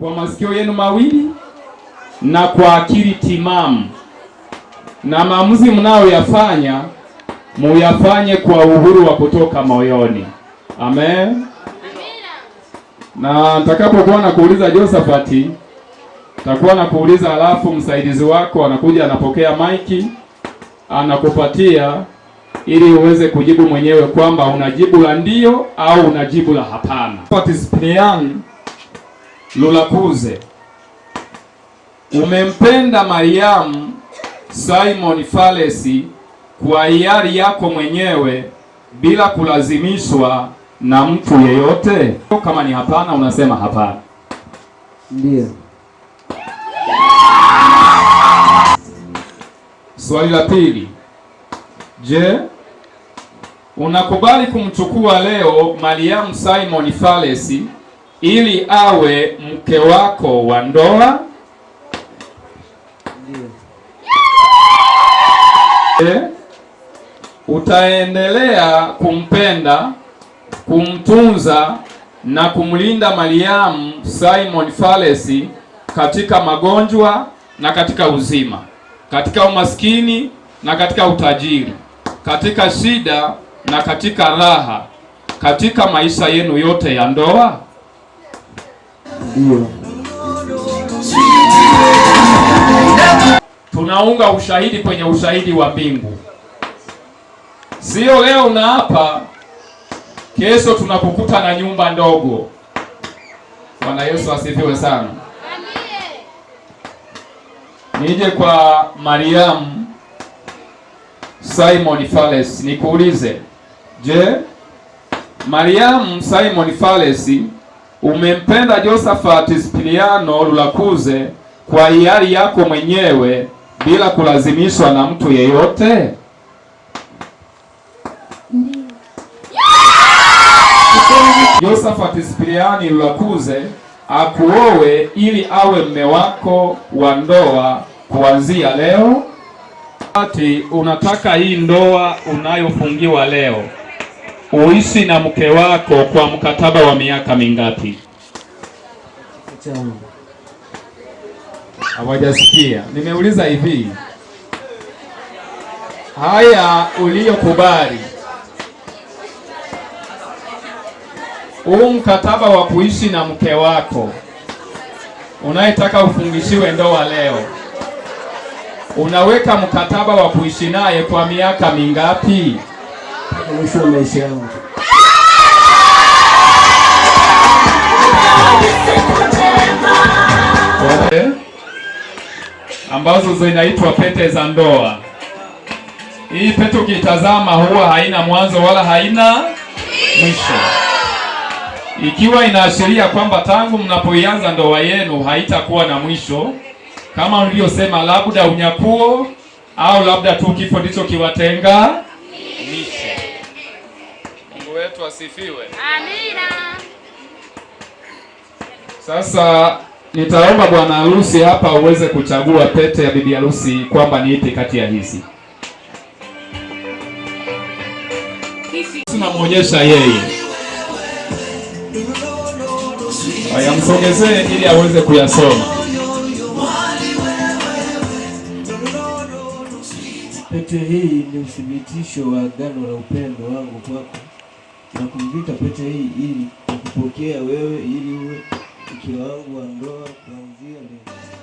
kwa masikio yenu mawili na kwa akili timamu, na maamuzi mnayoyafanya muyafanye kwa uhuru wa kutoka moyoni. Amen. Na nitakapokuwa nakuuliza Josafati, nitakuwa nakuuliza, alafu msaidizi wako anakuja anapokea maiki anakupatia ili uweze kujibu mwenyewe kwamba unajibu la ndio au unajibu la hapana. Patispian Lulakuze, umempenda Mariamu Simon Falesi kwa hiari yako mwenyewe bila kulazimishwa na mtu yeyote? Kama ni hapana, unasema hapana. Ndio. Swali la pili. Je, unakubali kumchukua leo Mariamu Simon Falesi ili awe mke wako wa ndoa? Yeah. utaendelea kumpenda, kumtunza na kumlinda Mariamu Simon Falesi katika magonjwa na katika uzima, katika umaskini na katika utajiri, katika shida na katika raha katika maisha yenu yote ya ndoa? Tunaunga ushahidi kwenye ushahidi wa mbingu. Sio leo hapa kesho tunakukuta na nyumba ndogo. Bwana Yesu asifiwe sana. Nije kwa Mariamu Simon Fales nikuulize Je, Mariamu Simon Falesi umempenda josafati Spiliano Lulakuze kwa hiari yako mwenyewe bila kulazimishwa na mtu yeyote? Josephat Spiliani Lulakuze akuowe ili awe mme wako wa ndoa kuanzia leo. Ati unataka hii ndoa unayofungiwa leo uishi na mke wako kwa mkataba wa miaka mingapi? Hawajasikia. Nimeuliza hivi, haya uliyokubali, huu mkataba wa kuishi na mke wako unayetaka ufungishiwe ndoa leo, unaweka mkataba wa kuishi naye kwa miaka mingapi? mwisho wa maisha yangu. Eh? ambazo zinaitwa pete za ndoa. Hii pete ukitazama, huwa haina mwanzo wala haina mwisho, ikiwa inaashiria kwamba tangu mnapoianza ndoa yenu haitakuwa na mwisho, kama nilivyosema, labda unyakuo au labda tu kifo ndicho kiwatenga Yesu asifiwe. Amina. Sasa nitaomba bwana harusi hapa uweze kuchagua pete ya bibi harusi kwamba niite kati ya hizi. Tunamwonyesha yeye, Aya, ayamsogezee ili aweze kuyasoma. Pete hii ni uthibitisho wa agano la upendo wangu kwako Nakuvika pete hii ili kupokea wewe, ili uwe mke wangu wa ndoa kuanzia leo.